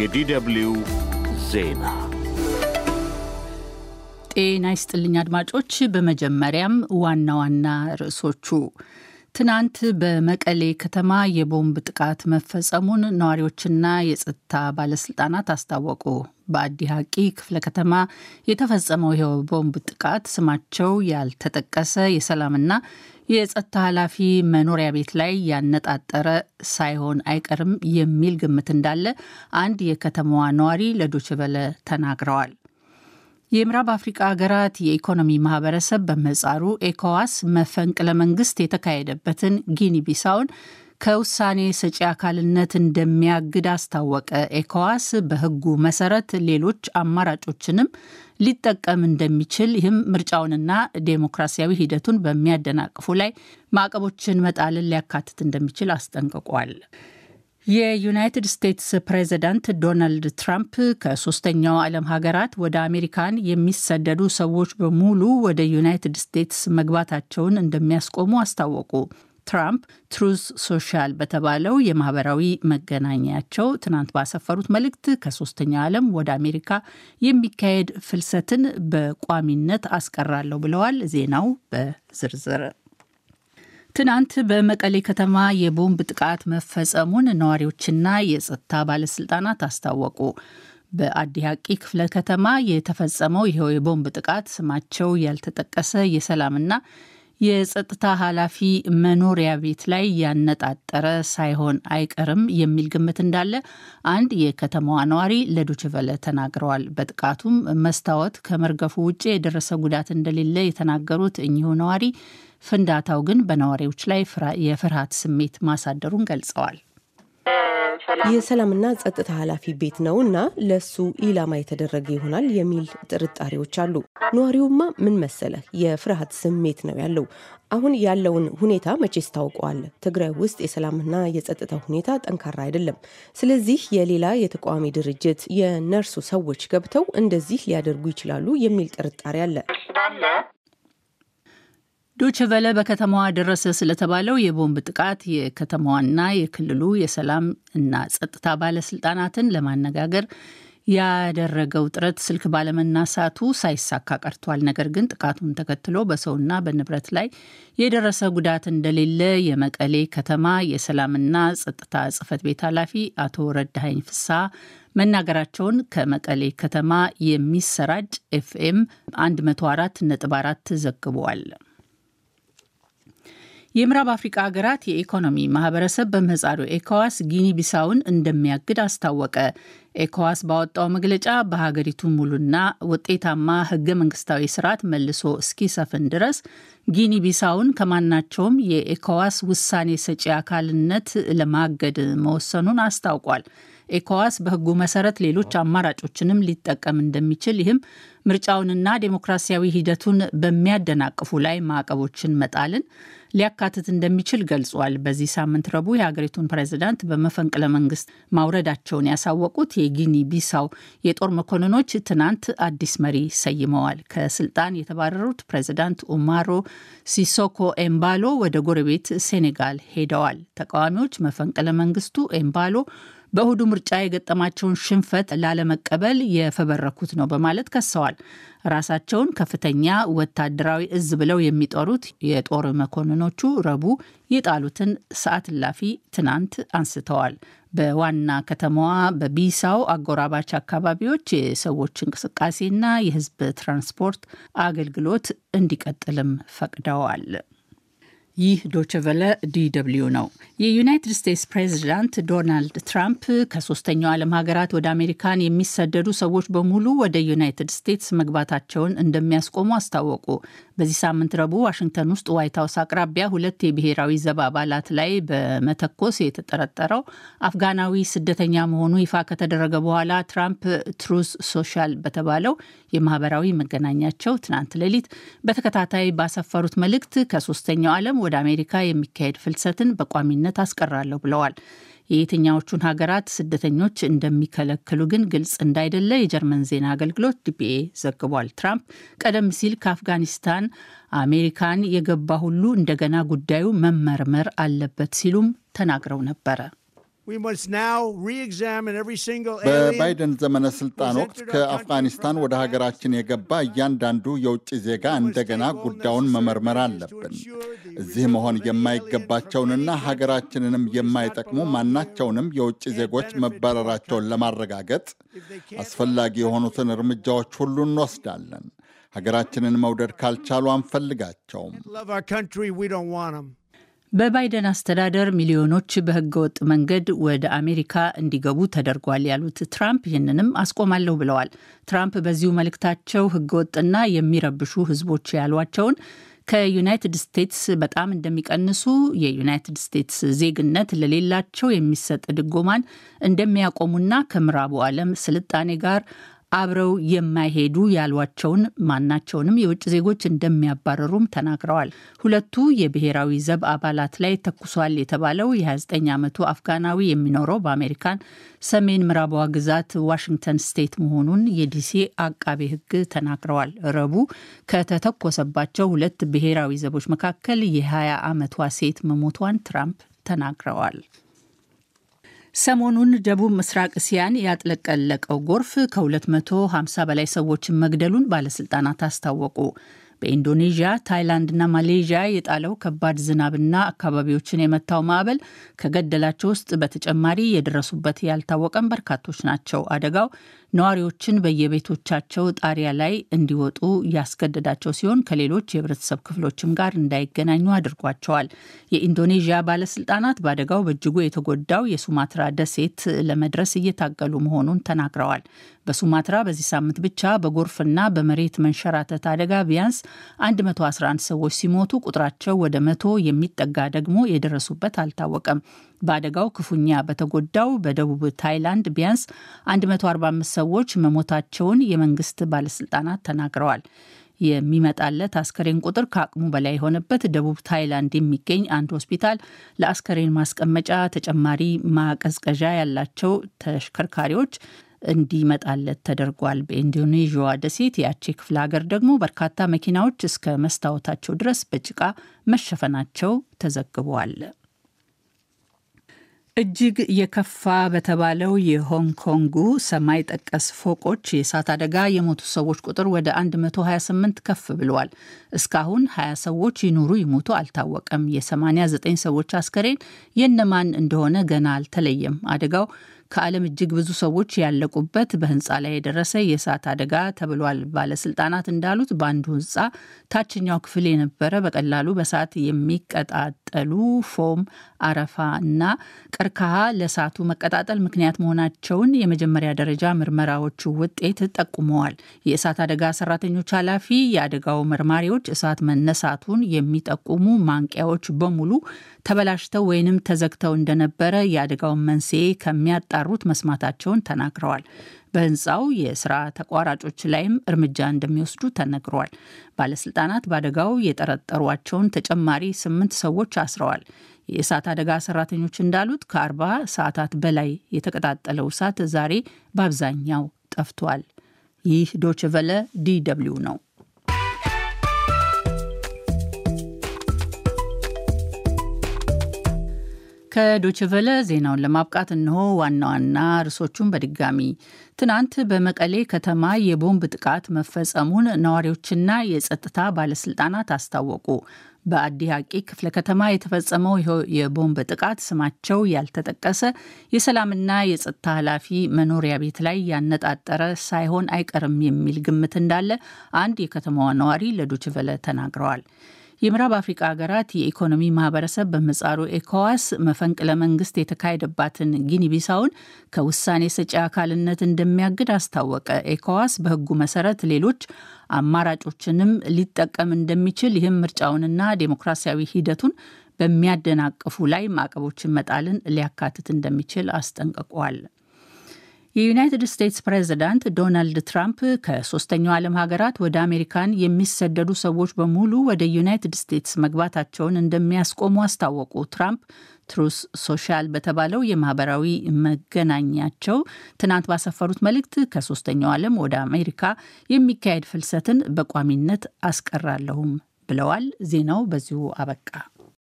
የዲደብልዩ ዜና ጤና ይስጥልኝ አድማጮች። በመጀመሪያም ዋና ዋና ርዕሶቹ ትናንት በመቀሌ ከተማ የቦምብ ጥቃት መፈጸሙን ነዋሪዎችና የጸጥታ ባለስልጣናት አስታወቁ። በአዲ ሀቂ ክፍለ ከተማ የተፈጸመው ይኸው ቦምብ ጥቃት ስማቸው ያልተጠቀሰ የሰላምና የጸጥታ ኃላፊ መኖሪያ ቤት ላይ ያነጣጠረ ሳይሆን አይቀርም የሚል ግምት እንዳለ አንድ የከተማዋ ነዋሪ ለዶችቨለ ተናግረዋል። የምዕራብ አፍሪቃ ሀገራት የኢኮኖሚ ማህበረሰብ በመጻሩ ኤኮዋስ መፈንቅለ መንግስት የተካሄደበትን ጊኒ ቢሳውን ከውሳኔ ሰጪ አካልነት እንደሚያግድ አስታወቀ። ኤኮዋስ በህጉ መሰረት ሌሎች አማራጮችንም ሊጠቀም እንደሚችል ይህም ምርጫውንና ዴሞክራሲያዊ ሂደቱን በሚያደናቅፉ ላይ ማዕቀቦችን መጣልን ሊያካትት እንደሚችል አስጠንቅቋል። የዩናይትድ ስቴትስ ፕሬዝዳንት ዶናልድ ትራምፕ ከሶስተኛው ዓለም ሀገራት ወደ አሜሪካን የሚሰደዱ ሰዎች በሙሉ ወደ ዩናይትድ ስቴትስ መግባታቸውን እንደሚያስቆሙ አስታወቁ። ትራምፕ ትሩዝ ሶሻል በተባለው የማህበራዊ መገናኛቸው ትናንት ባሰፈሩት መልእክት ከሶስተኛው ዓለም ወደ አሜሪካ የሚካሄድ ፍልሰትን በቋሚነት አስቀራለሁ ብለዋል። ዜናው በዝርዝር ትናንት በመቀሌ ከተማ የቦምብ ጥቃት መፈጸሙን ነዋሪዎችና የጸጥታ ባለስልጣናት አስታወቁ። በአዲ ክፍለ ከተማ የተፈጸመው ይኸው የቦምብ ጥቃት ስማቸው ያልተጠቀሰ የሰላምና የጸጥታ ኃላፊ መኖሪያ ቤት ላይ ያነጣጠረ ሳይሆን አይቀርም የሚል ግምት እንዳለ አንድ የከተማዋ ነዋሪ ለዱችቨለ ተናግረዋል። በጥቃቱም መስታወት ከመርገፉ ውጭ የደረሰ ጉዳት እንደሌለ የተናገሩት እኚሁ ነዋሪ ፍንዳታው ግን በነዋሪዎች ላይ የፍርሃት ስሜት ማሳደሩን ገልጸዋል። የሰላምና ጸጥታ ኃላፊ ቤት ነው እና ለሱ ኢላማ የተደረገ ይሆናል የሚል ጥርጣሬዎች አሉ። ነዋሪውማ ምን መሰለህ የፍርሃት ስሜት ነው ያለው። አሁን ያለውን ሁኔታ መቼስ ታውቀዋል። ትግራይ ውስጥ የሰላምና የጸጥታ ሁኔታ ጠንካራ አይደለም። ስለዚህ የሌላ የተቃዋሚ ድርጅት የነርሱ ሰዎች ገብተው እንደዚህ ሊያደርጉ ይችላሉ የሚል ጥርጣሬ አለ። ቨለ በከተማዋ ደረሰ ስለተባለው የቦምብ ጥቃት የከተማዋና የክልሉ የሰላም እና ጸጥታ ባለስልጣናትን ለማነጋገር ያደረገው ጥረት ስልክ ባለመናሳቱ ሳይሳካ ቀርቷል። ነገር ግን ጥቃቱን ተከትሎ በሰውና በንብረት ላይ የደረሰ ጉዳት እንደሌለ የመቀሌ ከተማ የሰላምና ጸጥታ ጽፈት ቤት ኃላፊ አቶ ረዳሀኝ ፍሳ መናገራቸውን ከመቀሌ ከተማ የሚሰራጭ ኤፍኤም 104.4 ዘግቧል። የምዕራብ አፍሪቃ ሀገራት የኢኮኖሚ ማህበረሰብ በምህፃሩ ኤኮዋስ ጊኒ ቢሳውን እንደሚያግድ አስታወቀ። ኤኮዋስ ባወጣው መግለጫ በሀገሪቱ ሙሉና ውጤታማ ህገ መንግስታዊ ስርዓት መልሶ እስኪሰፍን ድረስ ጊኒ ቢሳውን ከማናቸውም የኤኮዋስ ውሳኔ ሰጪ አካልነት ለማገድ መወሰኑን አስታውቋል። ኤኮዋስ በህጉ መሰረት ሌሎች አማራጮችንም ሊጠቀም እንደሚችል ይህም ምርጫውንና ዴሞክራሲያዊ ሂደቱን በሚያደናቅፉ ላይ ማዕቀቦችን መጣልን ሊያካትት እንደሚችል ገልጿል። በዚህ ሳምንት ረቡ የሀገሪቱን ፕሬዝዳንት በመፈንቅለ መንግስት ማውረዳቸውን ያሳወቁት የጊኒ ቢሳው የጦር መኮንኖች ትናንት አዲስ መሪ ሰይመዋል። ከስልጣን የተባረሩት ፕሬዝዳንት ኡማሮ ሲሶኮ ኤምባሎ ወደ ጎረቤት ሴኔጋል ሄደዋል። ተቃዋሚዎች መፈንቅለ መንግስቱ ኤምባሎ በእሁዱ ምርጫ የገጠማቸውን ሽንፈት ላለመቀበል የፈበረኩት ነው በማለት ከሰዋል። ራሳቸውን ከፍተኛ ወታደራዊ እዝ ብለው የሚጠሩት የጦር መኮንኖቹ ረቡዕ የጣሉትን ሰዓት እላፊ ትናንት አንስተዋል። በዋና ከተማዋ በቢሳው አጎራባች አካባቢዎች የሰዎች እንቅስቃሴና የሕዝብ ትራንስፖርት አገልግሎት እንዲቀጥልም ፈቅደዋል። ይህ ዶችቨለ ዲደብልዩ ነው። የዩናይትድ ስቴትስ ፕሬዚዳንት ዶናልድ ትራምፕ ከሶስተኛው ዓለም ሀገራት ወደ አሜሪካን የሚሰደዱ ሰዎች በሙሉ ወደ ዩናይትድ ስቴትስ መግባታቸውን እንደሚያስቆሙ አስታወቁ። በዚህ ሳምንት ረቡዕ ዋሽንግተን ውስጥ ዋይት ሀውስ አቅራቢያ ሁለት የብሔራዊ ዘብ አባላት ላይ በመተኮስ የተጠረጠረው አፍጋናዊ ስደተኛ መሆኑ ይፋ ከተደረገ በኋላ ትራምፕ ትሩዝ ሶሻል በተባለው የማህበራዊ መገናኛቸው ትናንት ሌሊት በተከታታይ ባሰፈሩት መልእክት ከሶስተኛው ዓለም ወደ አሜሪካ የሚካሄድ ፍልሰትን በቋሚነት አስቀራለሁ ብለዋል። የየትኛዎቹን ሀገራት ስደተኞች እንደሚከለክሉ ግን ግልጽ እንዳይደለ የጀርመን ዜና አገልግሎት ዲፒኤ ዘግቧል። ትራምፕ ቀደም ሲል ከአፍጋኒስታን አሜሪካን የገባ ሁሉ እንደገና ጉዳዩ መመርመር አለበት ሲሉም ተናግረው ነበረ። በባይደን ዘመነ ስልጣን ወቅት ከአፍጋኒስታን ወደ ሀገራችን የገባ እያንዳንዱ የውጭ ዜጋ እንደገና ጉዳዩን መመርመር አለብን። እዚህ መሆን የማይገባቸውንና ሀገራችንንም የማይጠቅሙ ማናቸውንም የውጭ ዜጎች መባረራቸውን ለማረጋገጥ አስፈላጊ የሆኑትን እርምጃዎች ሁሉ እንወስዳለን። ሀገራችንን መውደድ ካልቻሉ አንፈልጋቸውም። በባይደን አስተዳደር ሚሊዮኖች በህገወጥ መንገድ ወደ አሜሪካ እንዲገቡ ተደርጓል ያሉት ትራምፕ ይህንንም አስቆማለሁ ብለዋል። ትራምፕ በዚሁ መልእክታቸው ህገወጥና የሚረብሹ ህዝቦች ያሏቸውን ከዩናይትድ ስቴትስ በጣም እንደሚቀንሱ የዩናይትድ ስቴትስ ዜግነት ለሌላቸው የሚሰጥ ድጎማን እንደሚያቆሙና ከምዕራቡ ዓለም ስልጣኔ ጋር አብረው የማይሄዱ ያሏቸውን ማናቸውንም የውጭ ዜጎች እንደሚያባረሩም ተናግረዋል። ሁለቱ የብሔራዊ ዘብ አባላት ላይ ተኩሷል የተባለው የ29 ዓመቱ አፍጋናዊ የሚኖረው በአሜሪካን ሰሜን ምዕራቧ ግዛት ዋሽንግተን ስቴት መሆኑን የዲሲ አቃቤ ሕግ ተናግረዋል። ረቡዕ ከተተኮሰባቸው ሁለት ብሔራዊ ዘቦች መካከል የ20 ዓመቷ ሴት መሞቷን ትራምፕ ተናግረዋል። ሰሞኑን ደቡብ ምስራቅ እስያን ያጥለቀለቀው ጎርፍ ከ250 በላይ ሰዎችን መግደሉን ባለስልጣናት አስታወቁ። በኢንዶኔዥያ፣ ታይላንድና ማሌዥያ የጣለው ከባድ ዝናብና አካባቢዎችን የመታው ማዕበል ከገደላቸው ውስጥ በተጨማሪ የደረሱበት ያልታወቀም በርካቶች ናቸው። አደጋው ነዋሪዎችን በየቤቶቻቸው ጣሪያ ላይ እንዲወጡ ያስገደዳቸው ሲሆን ከሌሎች የህብረተሰብ ክፍሎችም ጋር እንዳይገናኙ አድርጓቸዋል። የኢንዶኔዥያ ባለስልጣናት በአደጋው በእጅጉ የተጎዳው የሱማትራ ደሴት ለመድረስ እየታገሉ መሆኑን ተናግረዋል። በሱማትራ በዚህ ሳምንት ብቻ በጎርፍና በመሬት መንሸራተት አደጋ ቢያንስ 111 ሰዎች ሲሞቱ ቁጥራቸው ወደ መቶ የሚጠጋ ደግሞ የደረሱበት አልታወቀም። በአደጋው ክፉኛ በተጎዳው በደቡብ ታይላንድ ቢያንስ 145 ሰዎች መሞታቸውን የመንግስት ባለስልጣናት ተናግረዋል። የሚመጣለት አስከሬን ቁጥር ከአቅሙ በላይ የሆነበት ደቡብ ታይላንድ የሚገኝ አንድ ሆስፒታል ለአስከሬን ማስቀመጫ ተጨማሪ ማቀዝቀዣ ያላቸው ተሽከርካሪዎች እንዲመጣለት ተደርጓል። በኢንዶኔዥያ ደሴት ያቺ ክፍለ ሀገር ደግሞ በርካታ መኪናዎች እስከ መስታወታቸው ድረስ በጭቃ መሸፈናቸው ተዘግበዋል። እጅግ የከፋ በተባለው የሆንግ ኮንጉ ሰማይ ጠቀስ ፎቆች የእሳት አደጋ የሞቱ ሰዎች ቁጥር ወደ 128 ከፍ ብለዋል። እስካሁን 20 ሰዎች ይኑሩ ይሞቱ አልታወቀም። የ89 ሰዎች አስከሬን የነማን እንደሆነ ገና አልተለየም። አደጋው ከዓለም እጅግ ብዙ ሰዎች ያለቁበት በህንፃ ላይ የደረሰ የእሳት አደጋ ተብሏል። ባለስልጣናት እንዳሉት በአንዱ ህንፃ ታችኛው ክፍል የነበረ በቀላሉ በእሳት የሚቀጣጠሉ ፎም አረፋ እና ቀርከሃ ለእሳቱ መቀጣጠል ምክንያት መሆናቸውን የመጀመሪያ ደረጃ ምርመራዎቹ ውጤት ጠቁመዋል። የእሳት አደጋ ሰራተኞች ኃላፊ የአደጋው መርማሪዎች እሳት መነሳቱን የሚጠቁሙ ማንቂያዎች በሙሉ ተበላሽተው ወይንም ተዘግተው እንደነበረ የአደጋውን መንስኤ ከሚያጣሩት መስማታቸውን ተናግረዋል። በህንፃው የስራ ተቋራጮች ላይም እርምጃ እንደሚወስዱ ተነግሯል። ባለስልጣናት በአደጋው የጠረጠሯቸውን ተጨማሪ ስምንት ሰዎች አስረዋል። የእሳት አደጋ ሰራተኞች እንዳሉት ከአርባ ሰዓታት በላይ የተቀጣጠለው እሳት ዛሬ በአብዛኛው ጠፍቷል። ይህ ዶችቨለ ዲ ደብልዩ ነው። ከዶችቨለ ዜናውን ለማብቃት እንሆ ዋና ዋና ርዕሶቹን በድጋሚ። ትናንት በመቀሌ ከተማ የቦምብ ጥቃት መፈጸሙን ነዋሪዎችና የጸጥታ ባለስልጣናት አስታወቁ። በአዲ ሐቂ ክፍለ ከተማ የተፈጸመው የቦምብ ጥቃት ስማቸው ያልተጠቀሰ የሰላምና የጸጥታ ኃላፊ መኖሪያ ቤት ላይ ያነጣጠረ ሳይሆን አይቀርም የሚል ግምት እንዳለ አንድ የከተማዋ ነዋሪ ለዶችቨለ ተናግረዋል። የምዕራብ አፍሪቃ ሀገራት የኢኮኖሚ ማህበረሰብ በምጻሩ ኤኮዋስ መፈንቅለ መንግስት የተካሄደባትን ጊኒቢሳውን ከውሳኔ ሰጪ አካልነት እንደሚያግድ አስታወቀ። ኤኮዋስ በህጉ መሰረት ሌሎች አማራጮችንም ሊጠቀም እንደሚችል ይህም ምርጫውንና ዴሞክራሲያዊ ሂደቱን በሚያደናቅፉ ላይ ማዕቀቦችን መጣልን ሊያካትት እንደሚችል አስጠንቅቋል። የዩናይትድ ስቴትስ ፕሬዝዳንት ዶናልድ ትራምፕ ከሶስተኛው ዓለም ሀገራት ወደ አሜሪካን የሚሰደዱ ሰዎች በሙሉ ወደ ዩናይትድ ስቴትስ መግባታቸውን እንደሚያስቆሙ አስታወቁ። ትራምፕ ትሩስ ሶሻል በተባለው የማህበራዊ መገናኛቸው ትናንት ባሰፈሩት መልእክት ከሶስተኛው ዓለም ወደ አሜሪካ የሚካሄድ ፍልሰትን በቋሚነት አስቀራለሁም ብለዋል። ዜናው በዚሁ አበቃ።